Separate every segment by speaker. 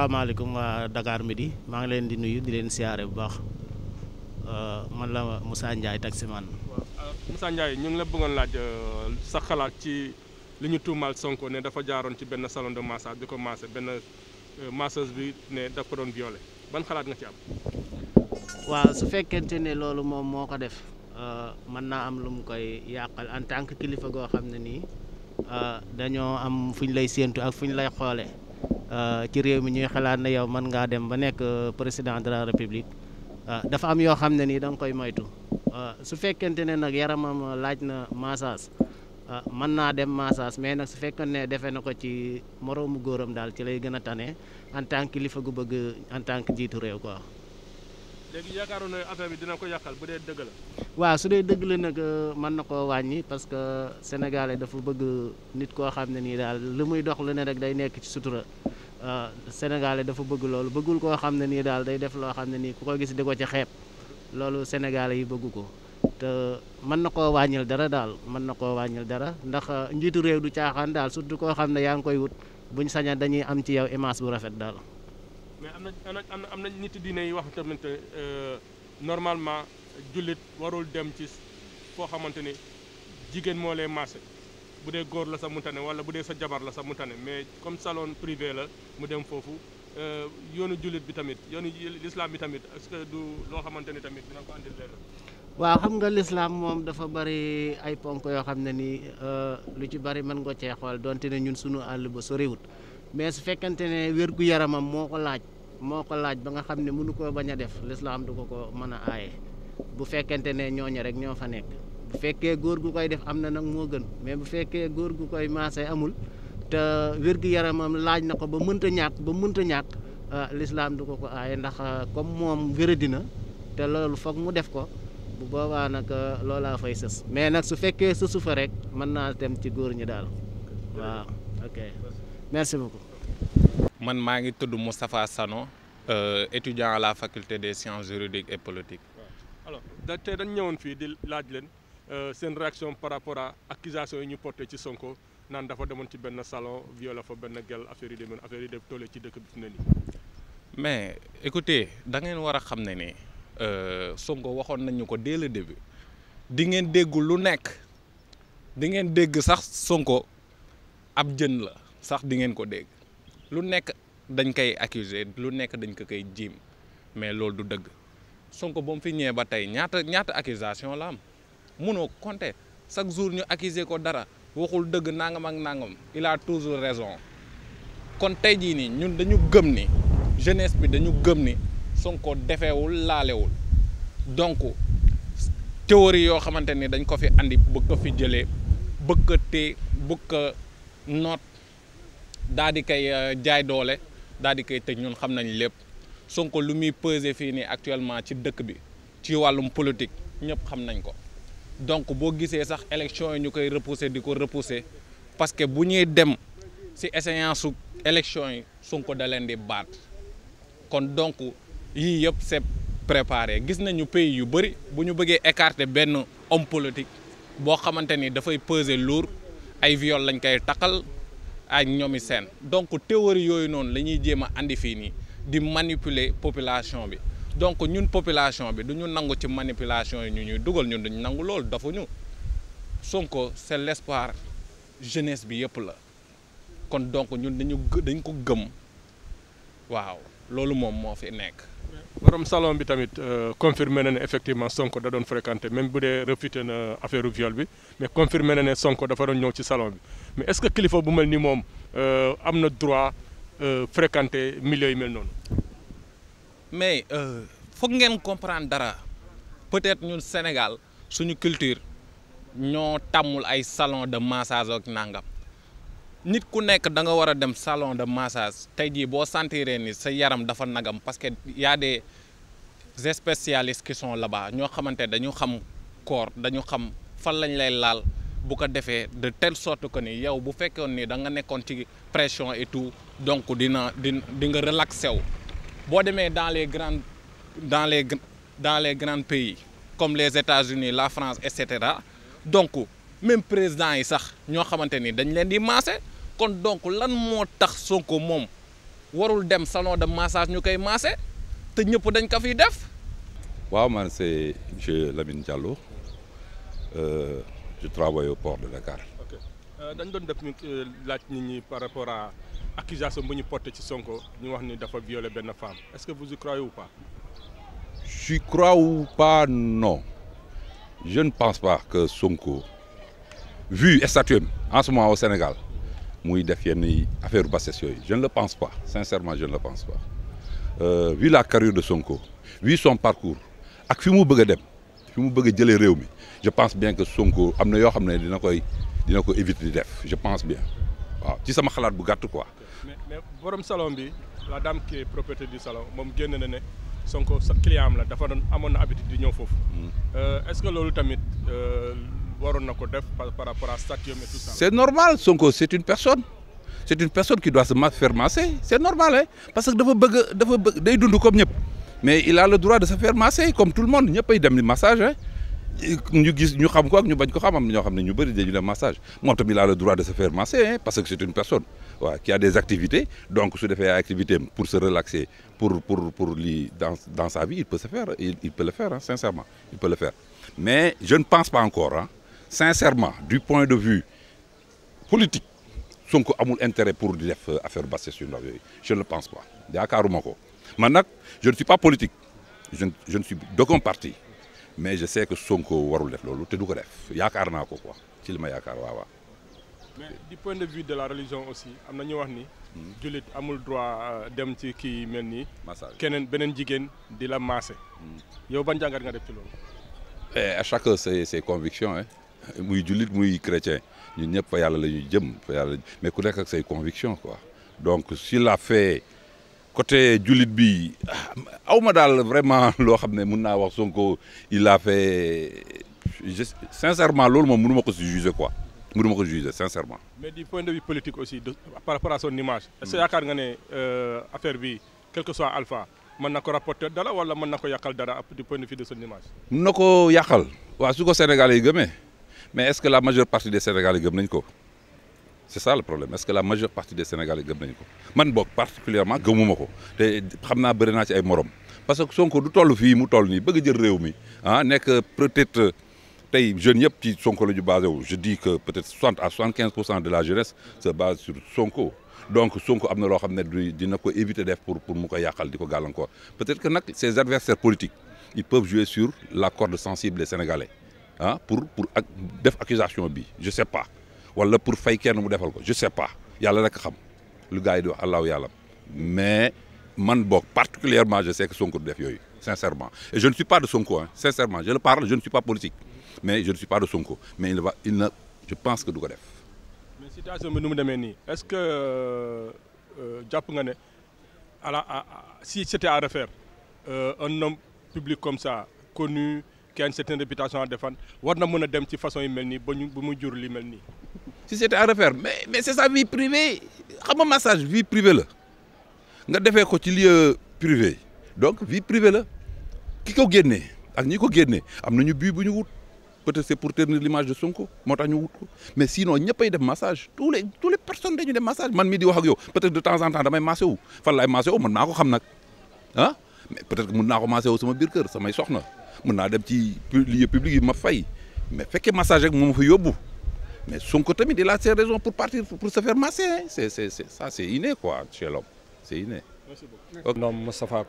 Speaker 1: asalaamaaleykum waa Dakar Midi maa ngi leen di nuyu di leen siyaare bu baax euh, man la Moussa Ndiaye taximan. waaw
Speaker 2: euh, Moussa Ndiaye ñu ngi la bëggoon laaj euh, sa xalaat ci li ñu tuumaal Sonko ne dafa jaaroon ci benn salon de massage bi ko massé benn masseuse bi ne daf ko doon violé ban xalaat nga ci am.
Speaker 1: waaw su fekkente ne loolu moom moo ko def mën naa am lu mu koy yàqal en tant kilifa goo xam ne nii dañoo am fu ñu lay séentu ak fu ñu lay xoolee. Euh, ci réew mi ñuy xalaat na yow man ngaa dem ba nekk euh, président de la république euh, dafa am yoo xam ne nii da nga koy moytu su fekkente ne nag yaramam laaj na massage mën naa dem massage mais nag su fekkee ne defee na ko ci moroomu góoram daal ci lay gën a tane en tant kilifa gu bëgg en tant que jiitu réew quoi.
Speaker 2: léegi yaakaaroon na affaire bi dina ko yàqal bu dee dëgg la.
Speaker 1: waaw su dee dëgg la nag euh, mën na koo wàññi parce que sénégalais dafa bëgg nit koo xam ne nii daal li muy dox lu ne rek day nekk ci sutura euh, sénégalais dafa bëgg loolu bëggul koo xam ne nii daal day def loo xam ne nii ku ko gis di ko ci xeeb loolu sénégalais yi bëgg ko te mën na koo wàññil dara daal mën na koo wàññil dara ndax euh, njiitu réew du caaxaan daal surtout koo xam ne yaa ngi koy wut buñ saña dañuy am ci yow image bu rafet daal.
Speaker 2: mais am na am na am na nit diine yi wax tamit euh, normalement jullit warul dem ci foo xamante ni jigéen moo lay bu dee góor la sa mu tane wala bu dee sa jabar la sa mu tane mais comme salon privé la mu dem foofu euh, yoonu jullit bi tamit yoonu lislaam bi tamit est-ce que du loo xamante ni tamit dina ko andil leen
Speaker 1: waaw xam nga lislaam moom dafa bari ay ponk yoo xam ne ni euh, lu ci bari mën nga cee xool donte ne ñun sunu àll ba soriwut mais su fekkente ne wér yaramam moo ko laaj moo ko laaj ba nga xam ne mënu koo bañ a def lislaam du ko ko mën a aaye bu fekkente ne ñooñu rek ñoo fa nekk bu fekkee góor gu koy def am na nag moo gën mais bu fekkee góor gu koy maase amul te wér yaramam laaj na ko ba mënta ñàkk ba mënta ñàkk ah, lislaam du ko ko aaye ndax ah, comme moom wéradi na te loolu foog mu def ko bu boobaa nag ah, loolaa fay sës mais nag su fekkee sësu fa rek mën naa dem ci góor ñi daal waaw merci beaucoup.
Speaker 3: man maa ngi tudd Moustapha Sano euh, étudiant à la faculté des sciences juridiques et politiques.
Speaker 1: alors
Speaker 2: da dañ ñëwoon fii di laaj leen euh, seen réaction par rapport à accusation yi ñu porté ci Sonko naan dafa demoon ci benn salon violé fa benn gel affaire yi demee affaire yi def toll ci dëkk bi fi ne nii.
Speaker 3: mais écoutez da ngeen war a xam ne ni euh, Sonko waxoon nañu ko dès le début di ngeen dégg lu nekk di ngeen dégg sax Sonko ab jën la. sax di ngeen ko dégg lu nekk dañ koy accuser lu nekk dañ ko koy jiim mais loolu du dëgg Sonko ba mu fi ñëwee ba tey ñaata ñaata accusation la am munoo chaque jour ñu accuser ko dara waxul dëgg nangam ak nangam il toujours raison kon tey jii nii ñun dañu gëm ni jeunesse bi dañu gëm ni sonk defewul laalewul donc théorie yoo xamante ni dañ ko fi indi bëgg ko fi jëlee bëgg ko téye noot daa di koy euh, jaay doole daa di koy tëj ñun xam nañ lépp Sonko lu muy peser fii nii actuellement ci dëkk bi ci wàllum politique ñëpp xam nañ ko donc boo gisee sax élection yi ñu koy repousser di ko repouser parce que bu ñuy dem si échéance su élection yi Sonko da leen di baat kon donc yii yëpp c'est préparé gis nañu pays yu bëri bu ñu bëggee écarter benn homme politique boo xamante ni dafay peser lourd ay viol lañ koy takkal ak ñoom i seen donc théorie yooyu noonu la ñuy jéem a andi fii nii di manipuler population bi donc ñun population bi du ñu nangu ci manipulation yi ñu ñuy dugal ñun dañu nangu loolu dafa ñu Sonko c'est l'espoir jeunesse bi
Speaker 2: yëpp la kon donc ñun dañu dañ ko gëm waaw loolu moom moo fi nekk. borom salon bi tamit euh, confirmé na ne effectivement Sonko da doon fréquenté même bu dee réfuté na affaire viol bi mais confirmé na ne Sonko dafa doon ñëw ci salon bi mais est-ce que kilifa bu mel ni moom euh, am na droit euh, fréquenté milieu yi mel noonu.
Speaker 3: mais foog ngeen comprendre dara peut-être ñun Sénégal suñu culture ñoo tàmmul ay salon de massage ak nangam. nit ku nekk da nga war a dem salon de massage tey jii boo sentiree ni sa yaram dafa nagam parce que y des spécialistes qui sont là-bas ñoo xamante dañu xam corps dañu xam fan lañ lay laal bu ko defee de telle sorte que ni yow bu fekkoon ni danga nekkoon ci pression et tout donc dina di di nga relaxé wu boo demee dans les grandes dans les dans les grands pays comme les États-Unis la France et cetera donc même président yi sax ñoo xamante ni dañ leen di maase kon donc lan moo tax Sonko moom warul dem salon de massage ñu koy maase te ñëpp dañ ko fiy def.
Speaker 4: waaw man c'est monsieur Lamine Diallo euh, je travaille au port de Dakar.
Speaker 2: Euh, dañ doon def ñu euh, laaj nit ñi par rapport à accusation bu ñu porté ci Sonko ñu wax ni dafa violé benn femme est-ce que vous y croyez ou pas.
Speaker 4: j'y crois pas non je ne pense pas que Sonko. vu statut en ce moment au Sénégal muy def yenn affaire bassesse yooyu je ne le pense pas sincèrement je ne le pense pas euh, vu la carrière de Sonko vu son parcours ak fi mu bëgg a dem fi mu bëgg a jëlee réew mi je pense bien que Sonko am na yoo xam ne dina koy dina ko éviter di def je pense bien waaw ci sama xalaat bu gàtt quoi.
Speaker 2: mais mais borom salon bi la dame qui est propriétaire salon moom génn na ne Sonko sa client am la dafa doon amoon na habitude di ñëw foofu. Mm. Euh, est-ce que loolu tamit. Euh, waroon na ko def par rapport à Stadium et tout ça.
Speaker 4: c'est normal Sonko c'est une personne c'est une personne qui doit se faire masser c'est normal parce que dafa bëgg dafa bëgg day dund comme ñëpp mais il a le droit de se faire masser comme tout le monde ñëpp ay dem li massage hein ñu gis ñu xam ko ak ñu bañ ko xam am na ñoo xam ne ñu bëri dañu la massage moom il a le droit de se faire masser hein parce que c'est une personne qui a des activités donc su defee ay activités pour se relaxer pour pour pour lii dans dans sa vie il peut se faire il, il peut le faire pense pas sincèrement du point de vue politique Sonko amul intérêt pour di def euh, affaire Basse Sunu Ndaw yooyu je ne le pense pas yaakaaruma ko man nag je ne suis pas politique je ne suis d'aucun parti mais je sais que Sonko warul def loolu te du ko def yaakaar naa ko quoi ci li ma yaakaar waaw waaw.
Speaker 2: mais du point de vue de la religion aussi am na ñu wax ni. Hmm. jullit amul droit euh, dem ci kii mel ni massage keneen beneen jigéen di la maase. Hmm. yow ban jàngat nga def ci loolu.
Speaker 4: Eh, à chacun ses ses convictions muy jullit muy chrétien ñun ñëpp fa yàlla la ñuy jëm fa yàlla mais ku nekk ak say conviction quoi donc s'il a fait côté jullit bi ah, aw ma daal vraiment loo xam ne mun naa wax Sonko il a fait je loolu moom mënu ma ko si juger quoi mënu ma ko juger sincèrement. mais
Speaker 2: du point de vue politique aussi de, par rapport à son image. est-ce que hmm. yaakaar nga ne euh, affaire bi quel que soit alpha. mën na ko rapporter dala wala mën na ko yàqal dara du point de vue de son image.
Speaker 4: mën na ko yàqal. waaw su mais est-ce que la majeure partie des Sénégalais gëm nañ ko c'est ça le problème est-ce que la majeure partie des Sénégalais gëm nañ ko man boog particulièrement gëmuma ko te xam naa bëri naa ci ay morom parce que Sonko du toll fii mu toll nii bëgg jël réew mi ah nekk peut-être tey jeunes yëpp ci Sonko la ñu basé wu je dis que peut-être 60 à 75 pour cent de la jeunesse se base sur Sonko donc Sonko am na loo xam ne du dina ko éviter def pour pour mu ko yàqal di ko gàllankoor peut-être que nag ses adversaires politiques ils peuvent jouer sur la ah pour pour ak def accusation bi je sais pas wala pour fay kenn mu defal ko je sais pas yàlla rek xam lu gars yi di wax allahu yàlla mais man boog particulièrement je sais que Sonko du def yooyu sincèrement et je ne suis pas de Sonko hein sincèrement je le parle je ne suis pas politique mais je ne suis pas de Sonko mais il na je pense que du ko def.
Speaker 2: mais situation bi nu mu demee nii est-ce que euh, euh, jàpp nga ne à la si c'était à refaire euh, un homme public comme ça connu. qui a une certaine réputation à défendre war na mën a dem ci façon yi mel nii ba ñu ba mu jur li mel nii. si c'était à refaire mais
Speaker 4: mais c'est sa vie privée xam nga massage vie privée la nga defee ko ci lieu privé donc vie privée la ki ko génnee ak ñi ko génnee am nañu but bu ñu wut peut-être c'est pour ternir l'image de Sonko moo tax ñu wut ko mais sinon ñëppay def massage tous les tous les personnes dañu def massage man mii di wax ak peut-être de temps en temps damay ah? mun naa ko massé sama biir kër samay soxna. mën naa dem ci lieu public yi ma fay mais fekkee massage rek moom fa yóbbu mais Sonko tamit il la ses raisons pour partir pour se faire masser hein c'est c'est c'est ça c'est inné quoi chez l'homme c'est inné. merci beaucoup. nom Moustapha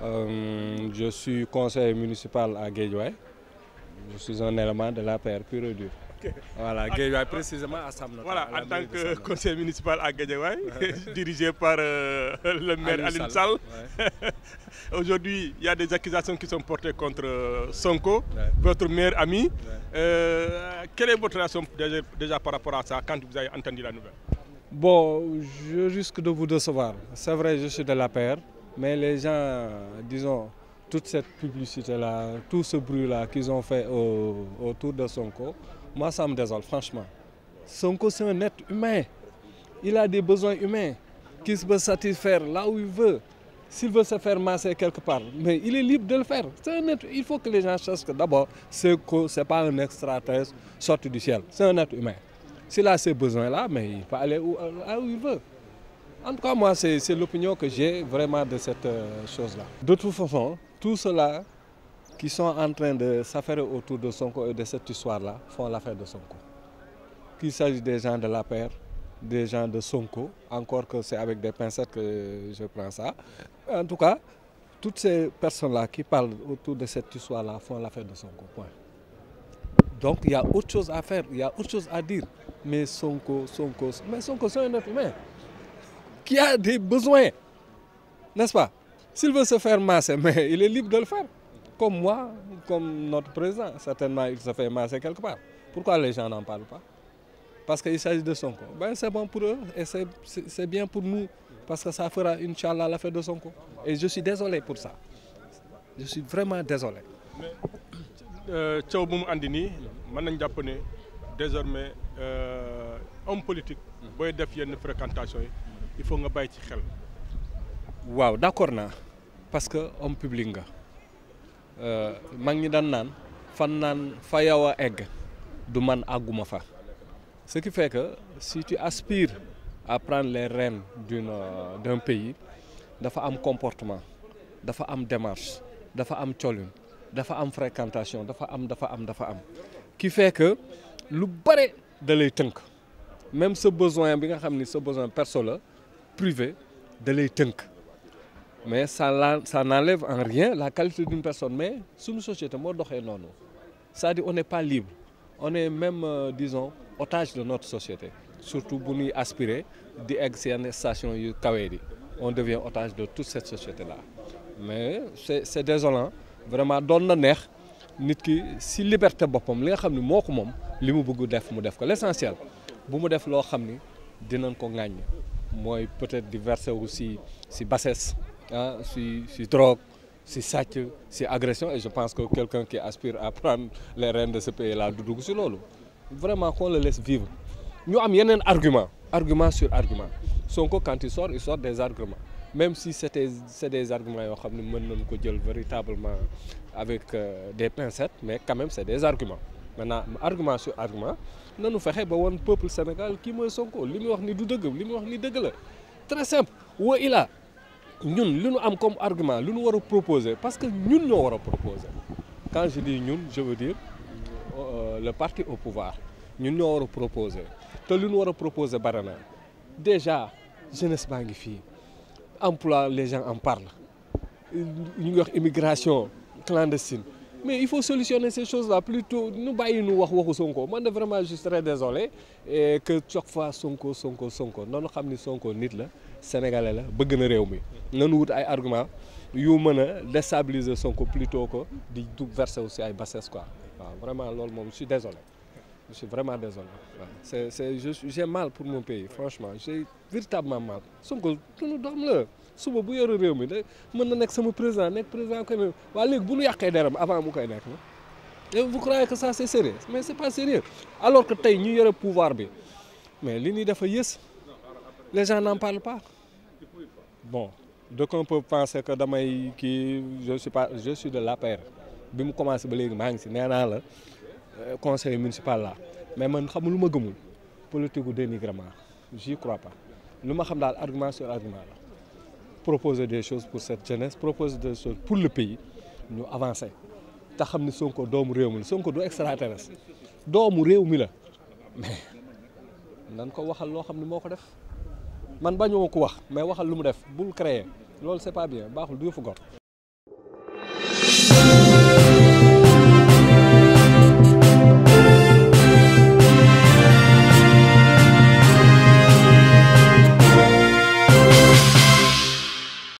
Speaker 4: euh, je suis conseiller municipal à Guédiawaye
Speaker 5: je suis un élément de l'APR pur et
Speaker 2: voilà Guédiawaye précisément à Sam voilà en tant que conseil municipal à Guédiawaye dirigé par euh, le maire Alioune Sall ouais. aujourd'hui il y a des accusations qui sont portées contre euh, Sonko votre meilleur ami euh, quelle est votre relation déjà, par rapport à ça quand vous avez entendu la nouvelle
Speaker 5: je risque de vous décevoir c'est vrai je suis de la paire mais les gens disons toute cette publicité là tout ce bruit là qu'ils ont fait autour de Sonko Moi, ça me désole, franchement. Sonko, c'est un humain. Il a des besoins humains qui se peut satisfaire là où il veut. S'il veut se faire masser quelque part, mais il est libre de le faire. C'est un être, il faut que les gens sachent que d'abord, Sonko, ce n'est pas un extraterrestre sorti du ciel. C'est un être humain. S'il a ces besoins-là, mais il peut aller où, euh, là où il veut. En tout cas, moi, c'est l'opinion que j'ai vraiment de cette euh, chose-là. De toute façon, tout cela qui sont en train de s'affairer autour de Sonko et de cette histoire-là font l'affaire de Sonko. Qu'il s'agit des gens de la paire, des gens de Sonko, encore que c'est avec des pincettes que je prends ça. En tout cas, toutes ces personnes-là qui parlent autour de cette histoire-là font l'affaire de Sonko. Point. Donc il y a autre chose à faire, il y a autre chose à dire. Mais Sonko, Sonko, mais Sonko, c'est un être humain qui a des besoins, n'est-ce pas? S'il veut se faire masser, mais il est libre de le faire. comme moi, comme notre président. Certainement, il se fait masser quelque part. Pourquoi les gens n'en parlent pas Parce qu'il s'agit de Sonko. Ben, c'est bon pour eux et c'est bien pour nous. Parce que ça fera, Inch'Allah, l'affaire de Sonko. Et je suis désolé pour ça. Je suis vraiment désolé. Mais,
Speaker 2: euh, Andini, japonais, désormais, euh, homme politique, booy def fais une fréquentation, il faut nga que ci xel
Speaker 5: Waaw d'accord na parce que homme public nga Euh, mag ñi daan naan fan naan fa yow a egg du man àgguma fa ce qui fait que si tu aspires à prendre les rênes d'une euh, d'un pays dafa am comportement dafa am démarche dafa am colin dafa am fréquentation dafa am dafa am dafa am qui fait que lu bare da tënk même sa besoin bi nga xam ni sa besoin perso la privé da tënk mais ça la ça n'enlève en rien la qualité d'une personne mais suñu société moo doxee noonu c'est-à-dire on n'est pas libre on est même euh, disons otage de notre société surtout bu nuy aspirer di egg seen station yu kawee di on devient otage de toute cette société là mais c'est c'est désolant vraiment doon na neex nit ki si liberté boppam li nga xam ne moo ko moom li mu bugg def mu def ko l'essentiel bu mu def loo xam ni dinañ ko ŋàññ mooy peut-être di verser aussi si bassesse ah si si drogue si sàcc si agression et je pense que quelqu'un qui aspire à prendre les rênes de ce pays là du dugg si loolu vraiment qu'on le laisse vivre ñu am yeneen argument argument sur argument son quand il sort il des arguments même si c'était c'est des arguments yoo xam ne mën nañ ko jël véritablement avec euh, des pincettes mais quand même c'est des arguments maintenant argument sur argument nanu fexe ba woon peuple Sénégal kii mooy Sonko li muy wax ni du dëgg li mu wax ni dëgg la très simple wa ñun li ñu am comme argument lu ñu war a proposer parce que ñun ñoo war a proposer quand je dis ñun je veux dire euh, le parti au pouvoir ñun ñoo war a proposer te lu nu war a proposer bari na déjà jeunesse baa ngi fii emploi les gens en parlent ñu ngi wax immigration clandestine mais il faut solutionner ces choses là plutôt nu bàyyi nu wax waxu Sonko man de vraiment je suis très désolé e que chaque fois Sonko Sonko Sonko noonu xam ni Sonko nit la. sénégalais la bëgg na réew mi nanu wut ay argument yu mën a déstabiliser Sonko plutôt ko di dug verser aussi ay basse quoi waaw vraiment loolu moom je suis désolé je vraiment désolé waaw c'est c'est je mal pour mon pays franchement j'ai véritablement mal Sonko sunu doom la suba bu yore réew mi da mën na nekk sama président nekk président ko ne waa léegi bu nu yàqee deram avant mu koy nekk na et vous croyez que ça c'est sérieux mais c'est pas sérieux alors que tey ñu yore pouvoir bi mais li ñuy dafa yës les gens n'en parlent pas bon de on peut penser que damay kii je suis pas je suis de l'APR bi mu commencé ba léegi maa ngi si nee naa la euh, conseil municipal la mais man xamul lu ma gëmul politique gu dénigrement je crois pas lu ma xam daal argument sur argument la proposer des choses pour cette jeunesse proposer des choses pour le pays ñu avancer te xam ni Sonko doomu réew mi la Sonko du extraterrestre doomu réew mi la mais nan ko waxal loo xam ne moo ko def man bañu ko wax mais waxal lu mu def bul créer loolu c'est pas bien baaxul du yëfu gor